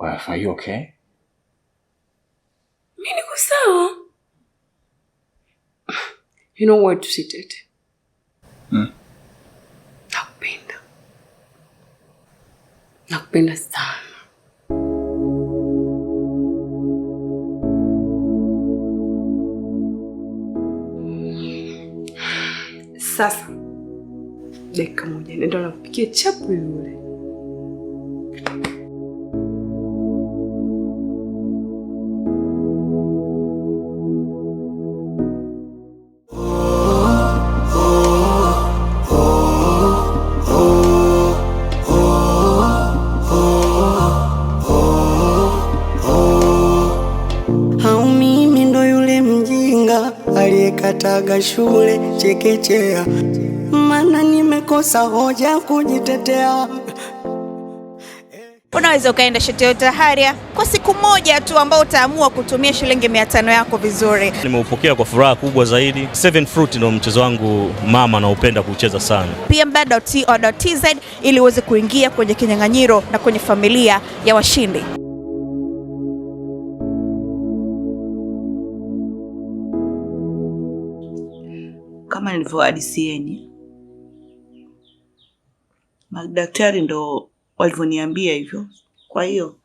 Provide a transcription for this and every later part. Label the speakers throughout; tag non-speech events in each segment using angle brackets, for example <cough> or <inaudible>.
Speaker 1: wife, are you okay?
Speaker 2: Mi niko sawa. You know where to sit usitete. Hmm? Nakupenda. Nakupenda sana. Sasa dakika moja, nenda nakupikia chapu yule.
Speaker 3: nimekataga shule chekechea, maana nimekosa hoja kujitetea. Unaweza ukaenda shule yote Taharia kwa siku moja tu, ambao utaamua kutumia shilingi mia tano yako vizuri.
Speaker 4: Nimeupokea kwa furaha kubwa zaidi. Seven Fruit ndio mchezo wangu mama, naupenda kucheza sana.
Speaker 3: pmb.co.tz ili uweze kuingia kwenye kinyang'anyiro na kwenye familia ya washindi.
Speaker 2: kama nilivyohadisieni, madaktari ndo walivyoniambia hivyo. Kwa hiyo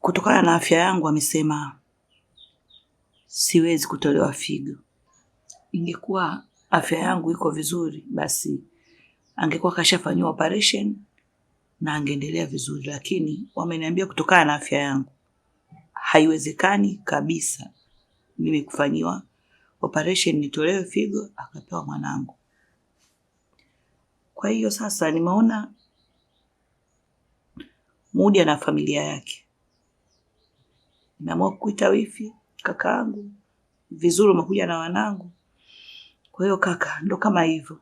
Speaker 2: kutokana na afya yangu amesema siwezi kutolewa figo. Ingekuwa afya yangu iko vizuri, basi angekuwa kashafanyiwa operation na angeendelea vizuri, lakini wameniambia kutokana na afya yangu haiwezekani kabisa mimi kufanyiwa operation nitolewe figo, akapewa mwanangu. Kwa hiyo sasa nimeona Mudi na familia yake, nimeamua kuita wifi kakaangu, vizuri umekuja na wanangu. Kwa hiyo kaka, ndo kama hivyo,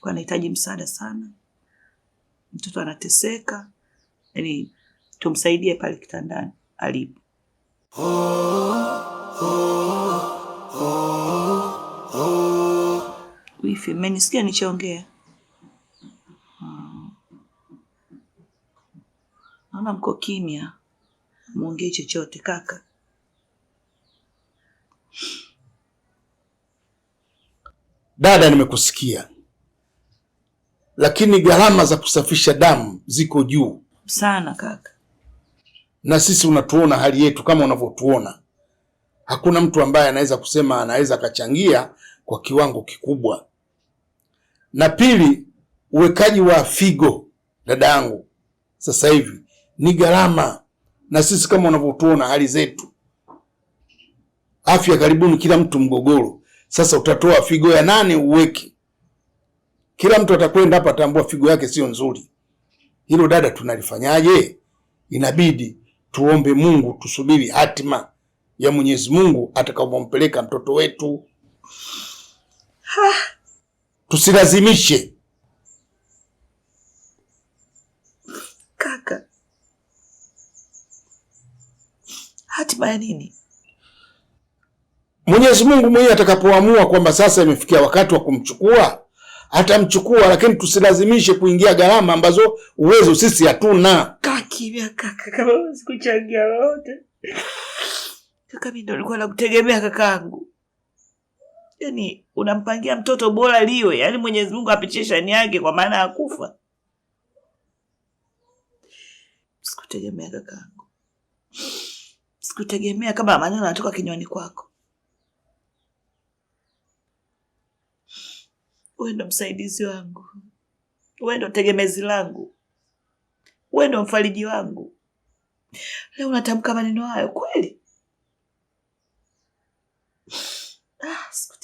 Speaker 2: kwa anahitaji msaada sana, mtoto anateseka, yaani tumsaidie pale kitandani alipo. Oh, oh, oh. Wifi, mmenisikia nichongea? Hmm. Naona mko kimya, mwongee chochote kaka.
Speaker 5: Dada, nimekusikia, lakini gharama za kusafisha damu ziko juu
Speaker 2: sana kaka,
Speaker 5: na sisi unatuona hali yetu kama unavyotuona hakuna mtu ambaye anaweza kusema anaweza akachangia kwa kiwango kikubwa. Na pili, uwekaji wa figo, dada yangu, sasa hivi ni gharama, na sisi kama unavyotuona hali zetu, afya karibuni kila mtu mgogoro. Sasa utatoa figo ya nani uweke? Kila mtu atakwenda hapa, atambua figo yake sio nzuri. Hilo dada, tunalifanyaje? Inabidi tuombe Mungu, tusubiri hatima ya Mwenyezi Mungu atakaompeleka mtoto wetu. Ha, tusilazimishe
Speaker 2: kaka. Hatima ya nini?
Speaker 5: Mwenyezi Mungu mwenyewe atakapoamua kwamba sasa imefikia wakati wa kumchukua atamchukua, lakini tusilazimishe kuingia gharama ambazo uwezo sisi hatuna.
Speaker 2: Kakivya kaka, kama sikuchangia lolote Kaka, mimi ndo nilikuwa nakutegemea kakaangu. Yaani unampangia mtoto bora liwe, yani Mwenyezi Mungu apitie shani yake kwa maana ya kufa. Sikutegemea kakaangu. Sikutegemea kama maneno yanatoka kinywani kwako. Wewe ndo msaidizi wangu. Wewe ndo tegemezi langu. Wewe ndo mfariji wangu. Leo unatamka maneno hayo kweli?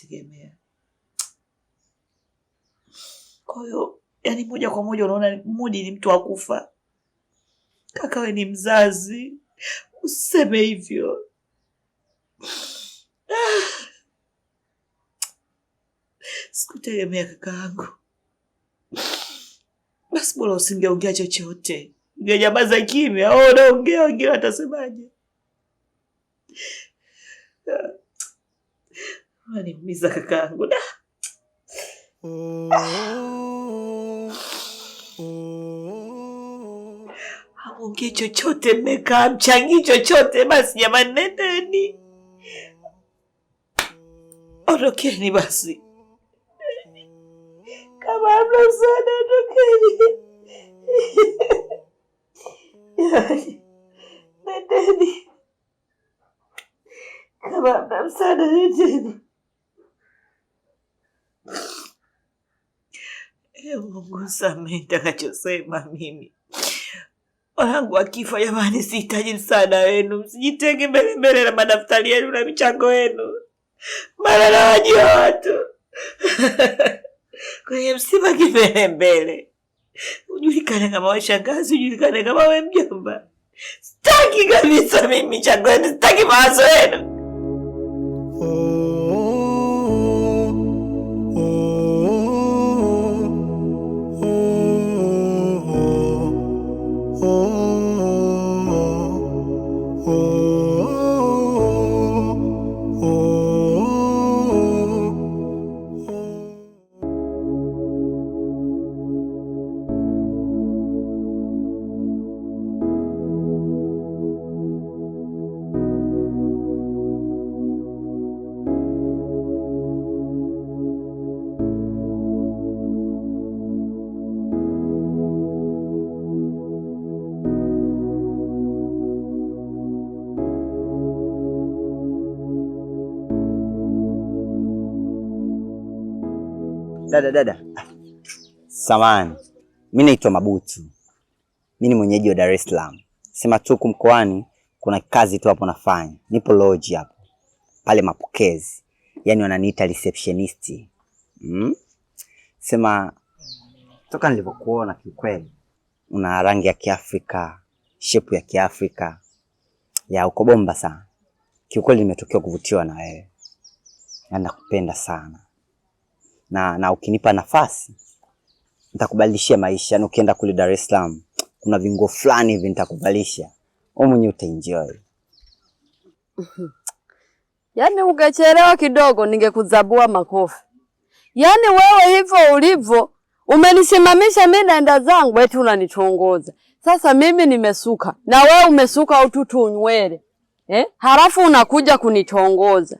Speaker 2: kujitegemea. Kwa hiyo yani, moja kwa moja unaona Mudi ni mtu wa kufa. Kakawe ni mzazi, useme hivyo. Sikutegemea kakaangu. Basi bora usingeongea chochote, ungenyamaza kimya. Au oh, unaongea wengine watasemaje? Niumiza kakaangu. Haongei chochote, mmekaa mchangii chochote. Basi jamani, nendeni, ondokeni basi, kama hamna msaada, ondokeni. Yaani, nendeni kama hamna msaada, nendeni. Mungu samehe nitakachosema mimi. Wanangu wakifa, jamani, sihitaji msaada wenu, msijitenge mbele mbele na madaftari yenu na michango yenu, na nawajua watu <laughs> kwenye msiba kimbele mbele, ujulikane kama washangazi, ujulikane kama we mjomba. Sitaki kabisa mimi michango yenu, sitaki mawazo yenu.
Speaker 6: Dada dada, samani, mi naitwa Mabutu, mi ni mwenyeji wa Dar es Salaam. Sema tu huku mkoani kuna kazi tu hapo nafanya, nipo loji hapo pale mapokezi, yaani wananiita receptionist mm? Sema toka nilivyokuona, kiukweli una rangi ya Kiafrika, shepu ya Kiafrika ya uko bomba sana kiukweli, nimetokewa kuvutiwa na wewe na nakupenda sana na, na ukinipa nafasi nitakubadilishia maisha. Na yaani ukienda kule Dar es Salaam kuna vinguo fulani hivi nitakuvalisha, wewe mwenyewe utaenjoy.
Speaker 7: <laughs> Yaani ungechelewa kidogo ningekuzabua makofi. Yaani wewe hivyo ulivyo umenisimamisha mimi naenda zangu, eti unanichongoza. Sasa mimi nimesuka na wewe umesuka ututu unywele eh? Halafu unakuja kunichongoza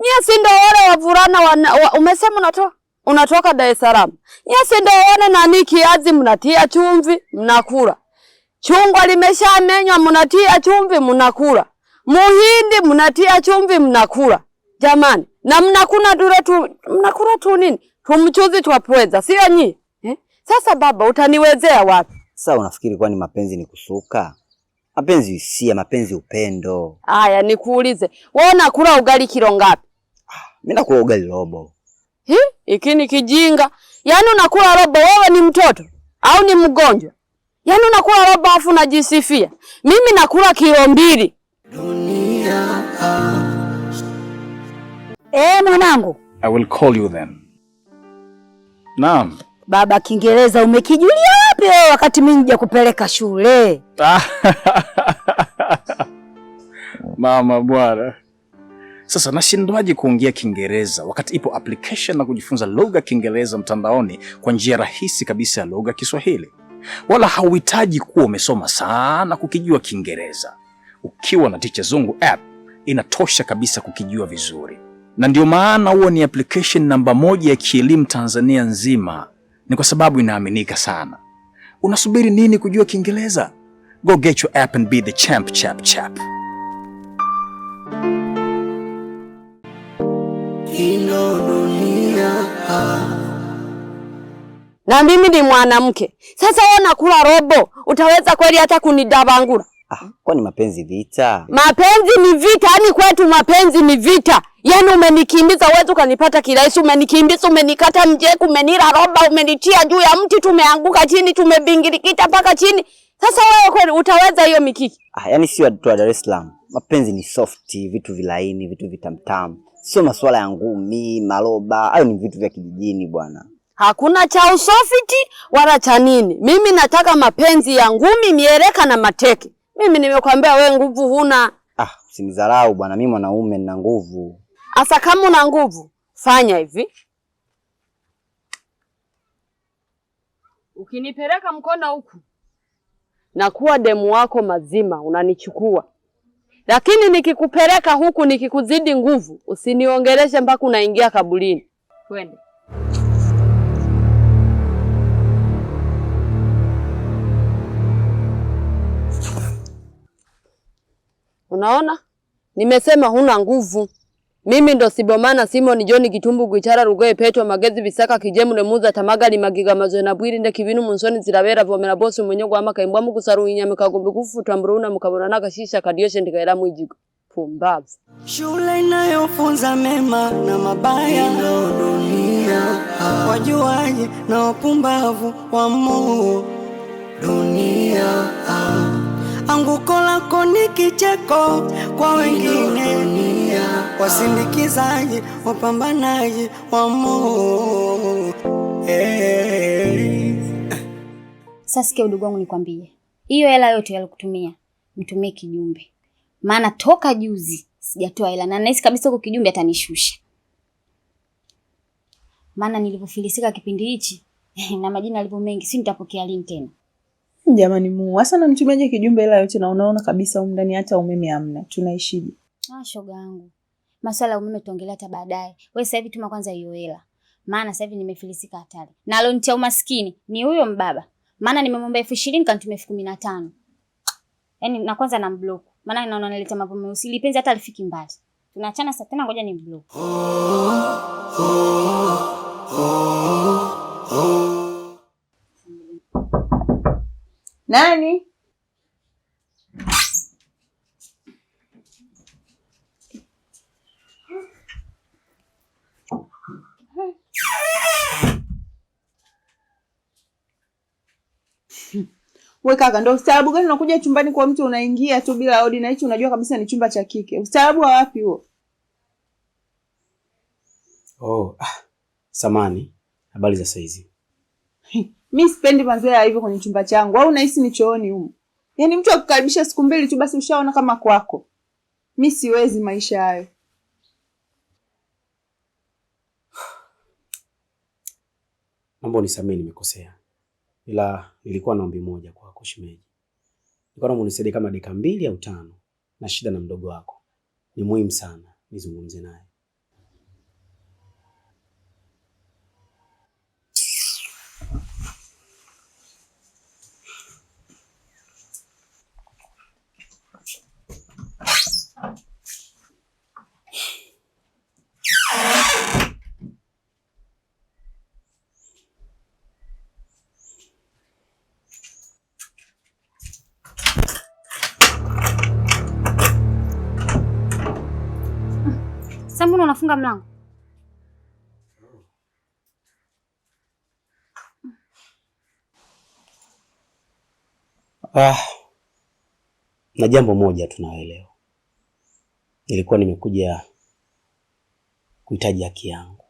Speaker 7: Nyie si ndio wale wavulana wana, wa, umesema unatoka unatoka Dar es Salaam. Nyie si ndio wale nani kiazi mnatia chumvi mnakula. Chungwa limeshamenywa mnatia chumvi mnakula. Muhindi mnatia chumvi mnakula. Jamani, na mnakuna dure tu mnakula tu nini? Tumchuzi twapweza, sio nyi? Eh? Sasa baba utaniwezea wapi?
Speaker 6: Sasa unafikiri kwani mapenzi ni kusuka? Mapenzi hisia, mapenzi upendo.
Speaker 7: Aya, nikuulize. Wewe unakula ugali kilo ngapi?
Speaker 6: Mimi nakula ugali robo.
Speaker 7: Hi, hiki ni kijinga. Yaani unakula robo, wewe ni mtoto au ni mgonjwa? Yaani unakula robo afu unajisifia. Mimi nakula kilo mbili. Dunia. Eh, mwanangu.
Speaker 8: I will call you then. Naam.
Speaker 7: Baba Kiingereza umekijulia wapi wewe wakati mimi nija kupeleka shule?
Speaker 8: <laughs> Mama bwana. Sasa nashindwaje kuongea Kiingereza wakati ipo application na kujifunza lugha Kiingereza mtandaoni kwa njia rahisi kabisa ya lugha Kiswahili? Wala hauhitaji kuwa umesoma sana kukijua Kiingereza. Ukiwa na Ticha Zungu app inatosha kabisa kukijua vizuri, na ndio maana huo ni application namba moja ya kielimu Tanzania nzima, ni kwa sababu inaaminika sana. Unasubiri nini kujua Kiingereza? Go get your app and be the champ, chap, chap
Speaker 7: ino dunia. Na mimi ni mwanamke sasa, wewe unakula robo, utaweza kweli hata kunidabangura?
Speaker 6: Ah, kwa ni mapenzi vita,
Speaker 7: mapenzi ni vita, yani kwetu mapenzi ni vita. Yani umenikimbiza wewe, ukanipata kirahisi, umenikimbiza, umenikata mjeku, umenira roba, umenitia juu ya mti, tumeanguka chini, tumebingirikita mpaka chini. Sasa wewe kweli utaweza hiyo mikiki?
Speaker 6: Ah, yani sio tu Dar es Salaam, mapenzi ni soft, vitu vilaini, vitu vitamtamu sio masuala ya ngumi, maloba, hayo ni vitu vya kijijini bwana.
Speaker 7: Hakuna cha usofiti wala cha nini. Mimi nataka mapenzi ya ngumi, miereka na mateke. Mimi nimekwambia we nguvu huna.
Speaker 6: Ah, usinidharau bwana, mimi mwanaume nina nguvu.
Speaker 7: Asa kama una nguvu, fanya hivi. Ukinipeleka mkono huku, nakuwa demu wako mazima, unanichukua lakini nikikupeleka huku nikikuzidi nguvu, usiniongeleshe mpaka unaingia kaburini. Twende. Unaona, nimesema huna nguvu. Mimi ndo Sibomana simoni joni Kitumbu Gwichara Rugoye Petwa Magezi Bisaka Kijemule Muza Tamagali Magiga Mazwena Bwirinde Kibinu Munsoni Zirabera Vomera Bosi Mwenyo Gwama Kaimbwa Saru Inyame Kagumbi Kufuta Mruna Mukabona Nagashisha Kadioshe Ndikaela Mwijigo Pumbavu. Shule inayofunza mema na mabaya ndo dunia, wajuaji na wapumbavu wa moo dunia Anguko
Speaker 9: lako ni kicheko kwa wengine, wasindikizaji, wapambanaji wa Mungu. Sasa sikia udugu wangu, nikwambie, hiyo hela yote yalikutumia mtumie kijumbe, maana toka juzi sijatoa hela na nahisi kabisa huko kijumbe atanishusha, maana nilivyofilisika kipindi hichi <laughs> na majina yalivyo mengi, si nitapokea lini tena?
Speaker 10: Jamani Mungu, hasa na namtumiaje kijumbe ila yote na unaona kabisa huko ndani hata umeme hamna. Tunaishije?
Speaker 9: Ah, shoga yangu. Masala ya umeme tuongelea hata baadaye. Wewe sasa hivi tuma kwanza hiyo hela. Maana sasa hivi nimefilisika hatari. Na alonitia umaskini ni huyo mbaba. Maana nimemwomba elfu ishirini kanitumia elfu kumi na tano. Yaani na kwanza na mblock. Maana naona naleta mambo meusi. Lipenzi hata alifiki mbali. Tunaachana sasa tena ngoja ni mblock. Oh, oh,
Speaker 7: oh, Nani? We kaka, ndo ustaarabu gani unakuja chumbani kwa mtu unaingia tu bila hodi, na hicho unajua kabisa ni chumba cha kike. Ustaarabu wa wapi huo?
Speaker 6: Oh, ah, samani, habari za saizi?
Speaker 7: mi sipendi mazoea ya hivyo kwenye chumba changu, au unahisi ni chooni huko? Yaani mtu akukaribisha siku mbili tu basi ushaona kama kwako. Mi siwezi maisha hayo.
Speaker 6: Mambo nisamee, nimekosea, ila nilikuwa na ombi moja kwako shemeji. Nilikuwa naomba unisaidie kama dakika mbili au tano, na shida na mdogo wako ni muhimu sana, nizungumze naye.
Speaker 9: mbona unafunga mlango
Speaker 6: ah. Na jambo moja tunaelewa, nilikuwa nimekuja kuhitaji haki yangu.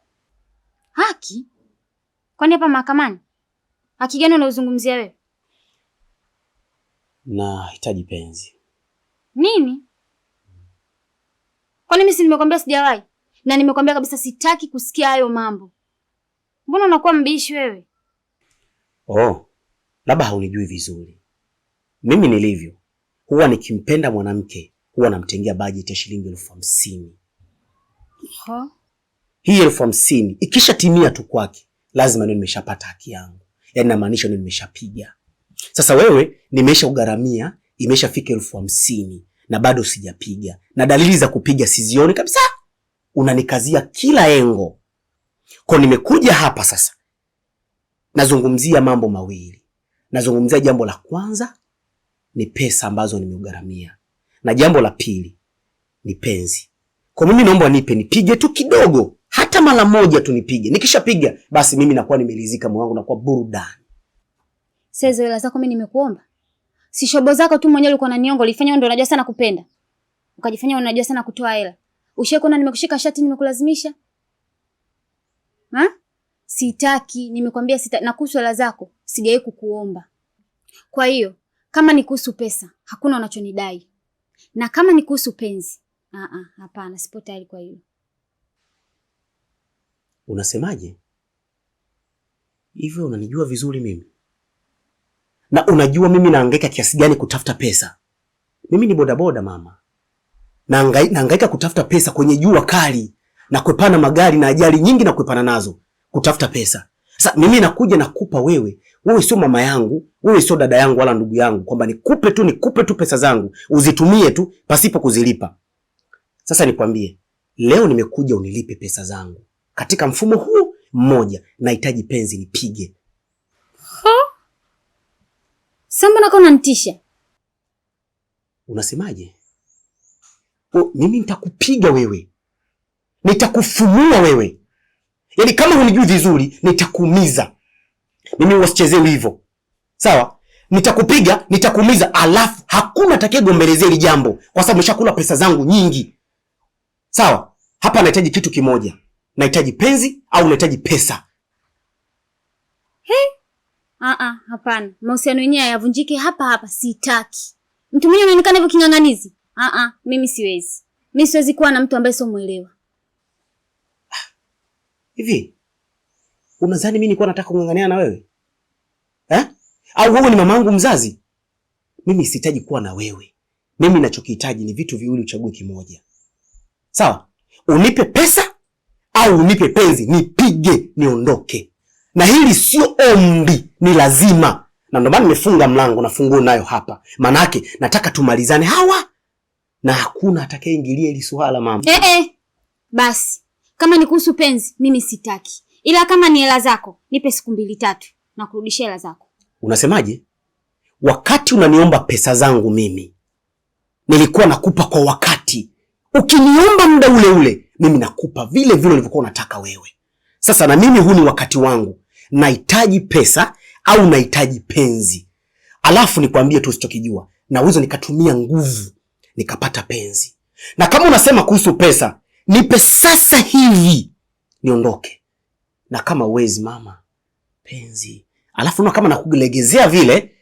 Speaker 9: Haki? Kwani hapa mahakamani haki gani unaozungumzia wewe?
Speaker 6: Nahitaji penzi.
Speaker 9: Nini? Kwani mimi si nimekwambia sijawahi? na nimekwambia kabisa sitaki kusikia hayo mambo. Mbona unakuwa mbishi wewe?
Speaker 6: Oh, labda haunijui vizuri. Mimi nilivyo, huwa nikimpenda mwanamke huwa namtengea bajeti ya shilingi elfu hamsini. Hii elfu hamsini ikisha timia tu kwake lazima niwe nimeshapata haki yangu, yaani namaanisha niwe nimeshapiga. Sasa wewe nimesha ugaramia, imeshafika elfu hamsini na bado sijapiga, na dalili za kupiga sizioni kabisa unanikazia kila engo. Kwa nimekuja hapa sasa, nazungumzia mambo mawili. Nazungumzia jambo la kwanza ni pesa ambazo nimeugharamia, na jambo la pili ni penzi. Kwa mimi naomba nipe, nipige tu kidogo, hata mara moja tu nipige. Nikishapiga basi mimi nakuwa nimelizika, moyo wangu nakuwa burudani.
Speaker 9: Sasa hela zako mimi nimekuomba, si shobo zako tu mwenyewe ulikuwa na niongo ulifanya. Wewe ndio unajua sana kupenda, ukajifanya unajua sana kutoa hela. Ushakuona nimekushika shati nimekulazimisha? Ha? Sitaki, nimekwambia sita na kuhusu hela zako sijawahi kukuomba. Kwa hiyo kama ni kuhusu pesa hakuna unachonidai. Na kama ni kuhusu penzi, ah ah, hapana, sipo tayari kwa hiyo.
Speaker 6: Unasemaje? Hivyo unanijua vizuri mimi. Na unajua mimi naangaika kiasi gani kutafuta pesa. Mimi ni bodaboda mama naangaika kutafuta pesa kwenye jua kali na kwepana magari na ajali nyingi na kwepana nazo kutafuta pesa. Sasa mimi nakuja nakupa wewe, wewe sio mama yangu, wewe sio dada yangu wala ndugu yangu, kwamba nikupe tu nikupe tu pesa zangu uzitumie tu pasipo kuzilipa. Sasa nikwambie leo, nimekuja unilipe pesa zangu katika mfumo huu mmoja. Nahitaji penzi nipige.
Speaker 9: Sasa mbona ntisha,
Speaker 6: Unasemaje? mimi oh, nitakupiga wewe, nitakufumua wewe, yaani kama hunijui vizuri nitakuumiza. Mimi wasichezee hivyo, sawa? Nitakupiga, nitakuumiza, alafu hakuna atakayegombelezea hili jambo, kwa sababu umeshakula pesa zangu nyingi, sawa? Hapa nahitaji kitu kimoja, nahitaji penzi au nahitaji pesa.
Speaker 9: Ah, ah, Hapana, mahusiano yenyewe yavunjike hapa hapa, sitaki mtu mwenyewe anaonekana hivyo king'ang'anizi. Ah Aa, ah, mimi siwezi, Mimi siwezi kuwa na mtu ambaye sio mwelewa.
Speaker 6: Hivi unadhani mimi nilikuwa nataka kung'ang'ania na wewe eh? Au wewe ni mamangu mzazi? Mimi sihitaji kuwa na wewe, mimi ninachokihitaji ni vitu viwili, uchague kimoja, sawa? Unipe pesa au unipe penzi, nipige niondoke. Na hili sio ombi, ni lazima, na ndio maana nimefunga mlango na funguo nayo hapa, maanake nataka tumalizane hawa na hakuna atakayeingilia hili swala mama.
Speaker 9: Eh, eh. Basi kama ni kuhusu penzi mimi sitaki, ila kama ni hela zako nipe siku mbili tatu na kurudisha hela zako.
Speaker 6: Unasemaje? Wakati unaniomba pesa zangu mimi nilikuwa nakupa kwa wakati, ukiniomba muda ule ule mimi nakupa vile vile ulivyokuwa unataka wewe. Sasa na mimi huu ni wakati wangu, nahitaji pesa au nahitaji penzi. Alafu nikwambie tu usichokijua, naweza nikatumia nguvu nikapata penzi. Na kama unasema kuhusu pesa, nipe sasa hivi niondoke. Na kama uwezi mama, penzi alafu na kama nakulegezea vile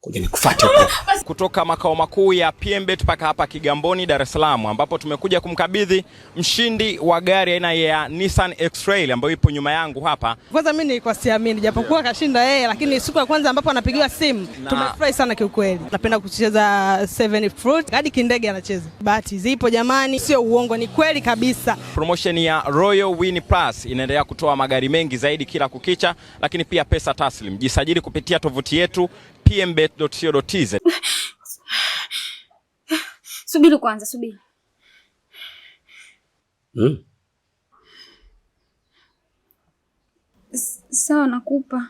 Speaker 6: Kuja nikufuate huko.
Speaker 11: <laughs> Kutoka makao makuu ya PMbet mpaka hapa Kigamboni, Dar es Salaam, ambapo tumekuja kumkabidhi mshindi wa gari aina ya Nissan X-Trail ambayo ipo nyuma yangu hapa.
Speaker 12: Kwanza mimi nilikuwa siamini, japokuwa kashinda yeye, lakini siku ya kwanza ambapo anapigiwa simu tumefurahi sana kiukweli. Napenda kucheza Seven Fruit hadi kindege anacheza. Bahati zipo jamani, sio uongo, ni kweli kabisa.
Speaker 11: Promotion ya Royal Win Plus inaendelea kutoa magari mengi zaidi kila kukicha, lakini pia pesa taslim. Jisajili kupitia tovuti yetu pmbet.co.tz.
Speaker 9: Subiri kwanza, subiri. Hmm. Sawa, nakupa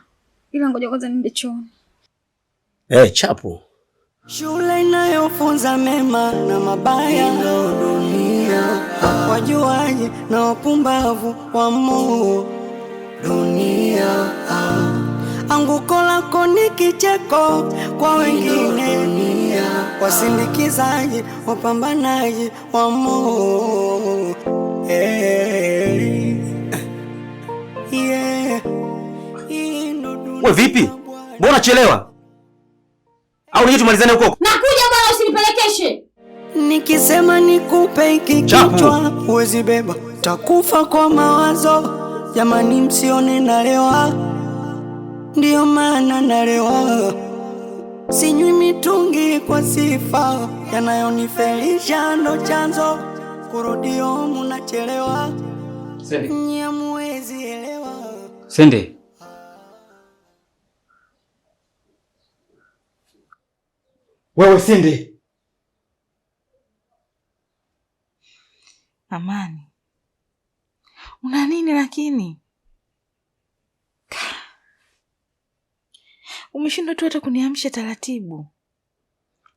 Speaker 9: ila ngoja kwanza niende chooni.
Speaker 6: Eh, chapu shule inayofunza mema na mabaya dunia, wajuaji na wapumbavu wa moo dunia. Anguko lako ni kicheko kwa wengine, wasindikizaji, wapambanaji wa Mungu hey. Eh. yeah. We vipi, mbona chelewa? Au nije tumalizane huko?
Speaker 9: Nakuja bwana, usinipelekeshe. Nikisema nikupe iki kichwa uwezi beba, takufa kwa mawazo. Jamani, msione nalewa ndio maana nalewa,
Speaker 6: sinywi mitungi kwa sifa, yanayonifelisha ndo chanzo, kurudio munachelewa, na muwezi elewa. Sende wewe, Sende
Speaker 13: Amani, una nini lakini? Umeshindwa tu hata kuniamsha taratibu.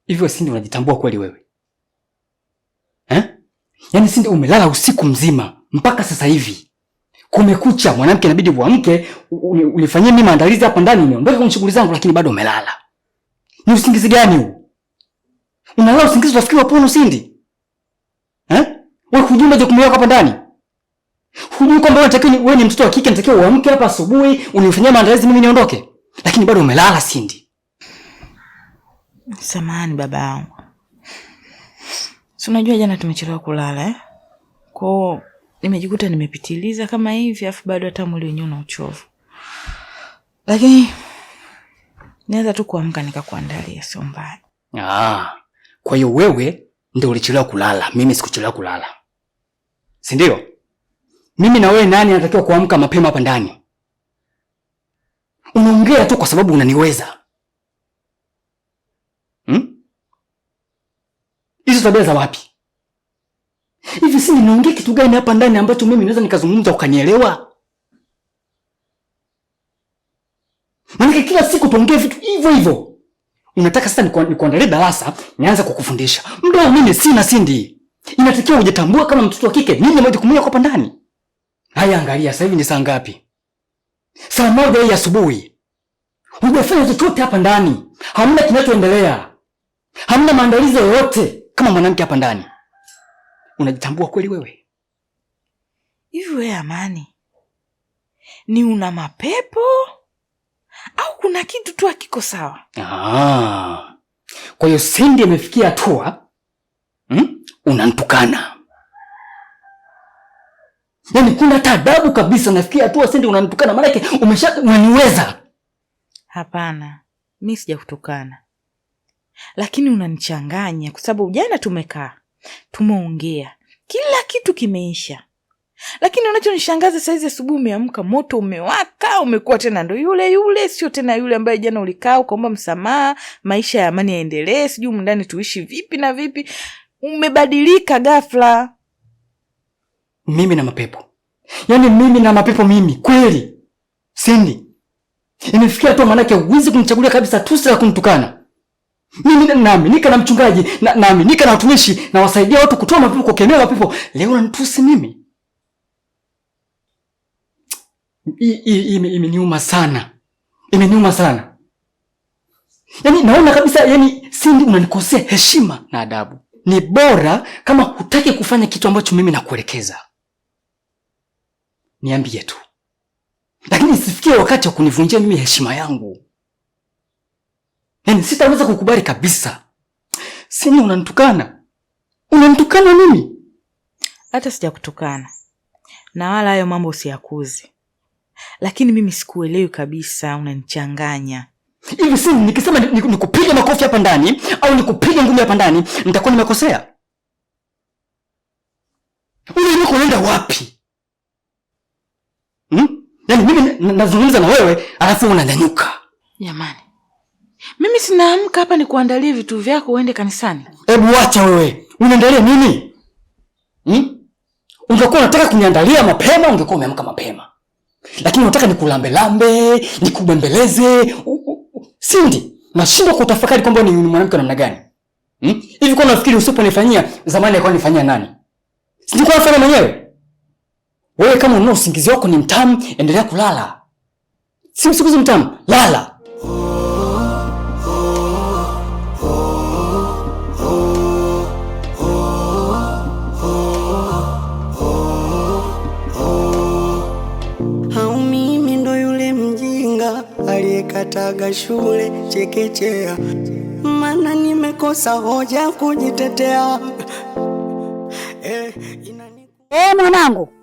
Speaker 6: Hivyo Sindi, unajitambua kweli wewe eh? Yaani Sindi, umelala usiku mzima mpaka sasa hivi kumekucha, mwanamke inabidi uamke unifanyie mimi maandalizi hapa ndani, niondoke kwenye shughuli zangu, lakini bado umelala. Ni usingizi gani huu? Unalala usingizi unafikiri wapono Sindi eh? Wewe hujui majukumu yako hapa ndani, hujui kwamba wewe ni mtoto wa kike, natakiwa uamke hapa asubuhi unifanyie maandalizi mimi niondoke lakini bado umelala Sindi.
Speaker 13: Samahani baba yangu, si unajua jana tumechelewa kulala eh? Kwao nimejikuta nimepitiliza kama hivi, afu bado hata mwili wenyewe una uchovu, lakini naweza tu kuamka nikakuandalia, sio mbaya.
Speaker 6: Ah, kwa hiyo wewe ndio ulichelewa kulala, mimi sikuchelewa kulala, si ndio? Mimi na wewe nani anatakiwa kuamka mapema hapa ndani? Unaongea tu kwa sababu unaniweza. Hmm? tabia za wapi? Hivi si ninaongea kitu gani hapa ndani ambacho mimi naweza nikazungumza ukanielewa? Maanake kila siku tuongee vitu hivyo hivyo. Unataka sasa nikuandalie darasa nianze kukufundisha. wa mimi sina sindi. Inatakiwa ujitambua kama mtoto wa kike. Nini majukumu yako hapa ndani? Haya, angalia sasa hivi ni saa ngapi? saa moja hii asubuhi, hujafanya chochote hapa ndani, hamna kinachoendelea, hamna maandalizi yoyote kama mwanamke hapa ndani. Unajitambua kweli wewe?
Speaker 13: Hivi wewe Amani, ni una mapepo au kuna kitu tu hakiko sawa?
Speaker 6: Ah, kwa hiyo Sindi amefikia hatua hmm? Unantukana Yaani kuna tadabu kabisa, nasikia tu Asante unanitukana, maanake umesha unaniweza.
Speaker 13: Hapana, mi sijakutukana, lakini unanichanganya kwa sababu jana tumekaa tumeongea, kila kitu kimeisha, lakini unachonishangaza saizi asubuhi umeamka, moto umewaka, umekuwa tena ndo yule yule, sio tena yule ambaye jana ulikaa ukaomba msamaha, maisha ya amani yaendelee, sijui mndani tuishi vipi na vipi. Umebadilika ghafla
Speaker 6: mimi na mapepo, yaani mimi na mapepo, mimi kweli Sindi imefikia tu, maanake uwezi kumchagulia kabisa tusi la kumtukana. Mimi naaminika na mchungaji na, nika na watumishi, nawasaidia watu kutoa mapepo, kukemea mapepo, leo unanitusi mimi. Imeniuma sana, imeniuma sana. Yaani naona kabisa, yani Sindi unanikosea heshima na adabu. Ni bora kama hutaki kufanya kitu ambacho mimi nakuelekeza niambie tu, lakini sifikie wakati wa kunivunjia mimi heshima yangu. Yaani sitaweza kukubali kabisa. Sini, unanitukana unanitukana mimi?
Speaker 13: Hata sijakutukana na wala hayo mambo usiyakuze, lakini mimi sikuelewi kabisa, unanichanganya
Speaker 6: hivi. Sini, nikisema nikupiga makofi hapa ndani au nikupiga ngumi hapa ndani nitakuwa nimekosea? Unaenda wapi? Hmm? Yaani mimi nazungumza na wewe alafu unanyanyuka.
Speaker 13: Jamani. Mimi sinaamka hapa ni kuandalia vitu vyako uende kanisani.
Speaker 6: Hebu wacha wewe. Unaendelea nini? Hmm? Ungekuwa unataka kuniandalia mapema, ungekuwa umeamka mapema. Lakini unataka nikulambe lambe, nikubembeleze. Sindi, nashindwa kutafakari kwamba ni mwanamke namna gani. Hmm? Hivi kwa nafikiri usiponifanyia zamani alikuwa anifanyia nani? Sijikuwa nafanya mwenyewe. Wewe kama unao usingizi wako ni mtamu, endelea kulala. Si msukuzi mtamu, lala.
Speaker 7: Kataga shule chekechea, mana nimekosa hoja kujitetea. Eh, eh mwanangu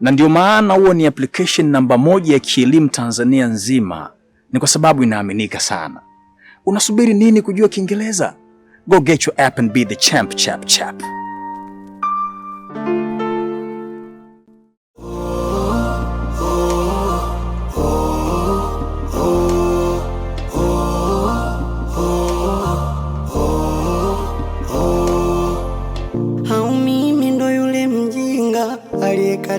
Speaker 8: na ndio maana huo ni application namba moja ya kielimu Tanzania nzima, ni kwa sababu inaaminika sana. Unasubiri nini kujua Kiingereza? Go get your app and be the champ chap chap.